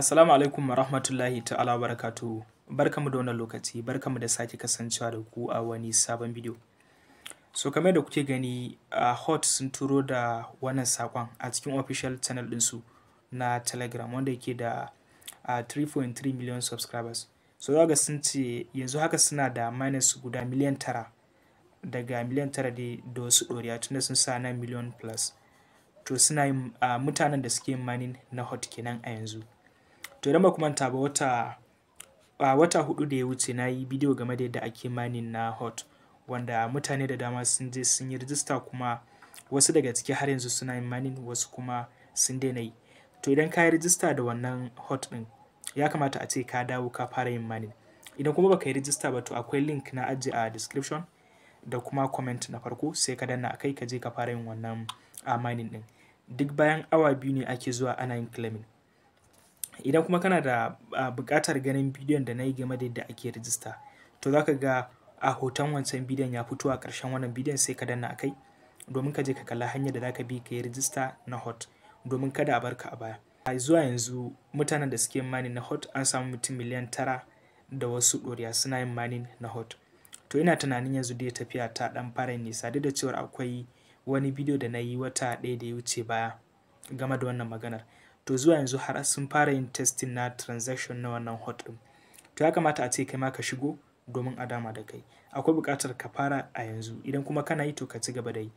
Assalamu alaikum wa rahmatullahi ta'ala barakatu Barkamu da wannan lokaci, barkamu da sake kasancewa da ku a wani sabon bidiyo. So kamar da kuke gani a uh, Hot sun turo da wannan sakon a cikin official channel su na Telegram wanda yake da uh, 3.3 million subscribers. So za ga sun ce yanzu haka suna da minus guda miliyan tara daga miliyan tara da wasu ɗoriya tunda sun sa na miliyan plus. To suna yin uh, mutanen da suke manin na Hot kenan a yanzu. to idan ba ku manta ba wata a wata hudu da ya wuce na yi bidiyo game da yadda ake manin na hot wanda mutane da dama sun je sun yi rijista kuma wasu daga ciki har yanzu suna yin manin wasu kuma sun daina yi to idan ka yi rijista da wannan hot din ya kamata a ce ka dawo ka fara yin manin idan kuma baka yi rijista ba to akwai link na ajiye a description da kuma comment na farko sai ka danna akai ka je ka fara yin wannan a din duk bayan awa biyu ne ake zuwa ana yin claiming idan kuma kana da ah, buƙatar ganin bidiyon da na yi game da yadda ake rijista to za ka ga a hoton wancan bidiyon ya fito a ƙarshen wannan bidiyon sai ka danna kai domin ka je ka kalla hanyar da za ka bi ka yi rijista na hot domin kada a bar ka a baya a zuwa yanzu mutanen da suke mani na hot an samu mutum miliyan tara da wasu ɗoriya suna yin mani na hot to ina tunanin yanzu dai tafiya ta ɗan fara nisa duk da cewar akwai wani bidiyo da na yi wata ɗaya da ya wuce baya game da wannan maganar to zuwa yanzu har sun fara yin testing na transaction na wannan hot ɗin to ya kamata a ce kai ma ka shigo domin a dama da kai akwai buƙatar ka fara a yanzu idan kuma kana yi to ka ci gaba da yi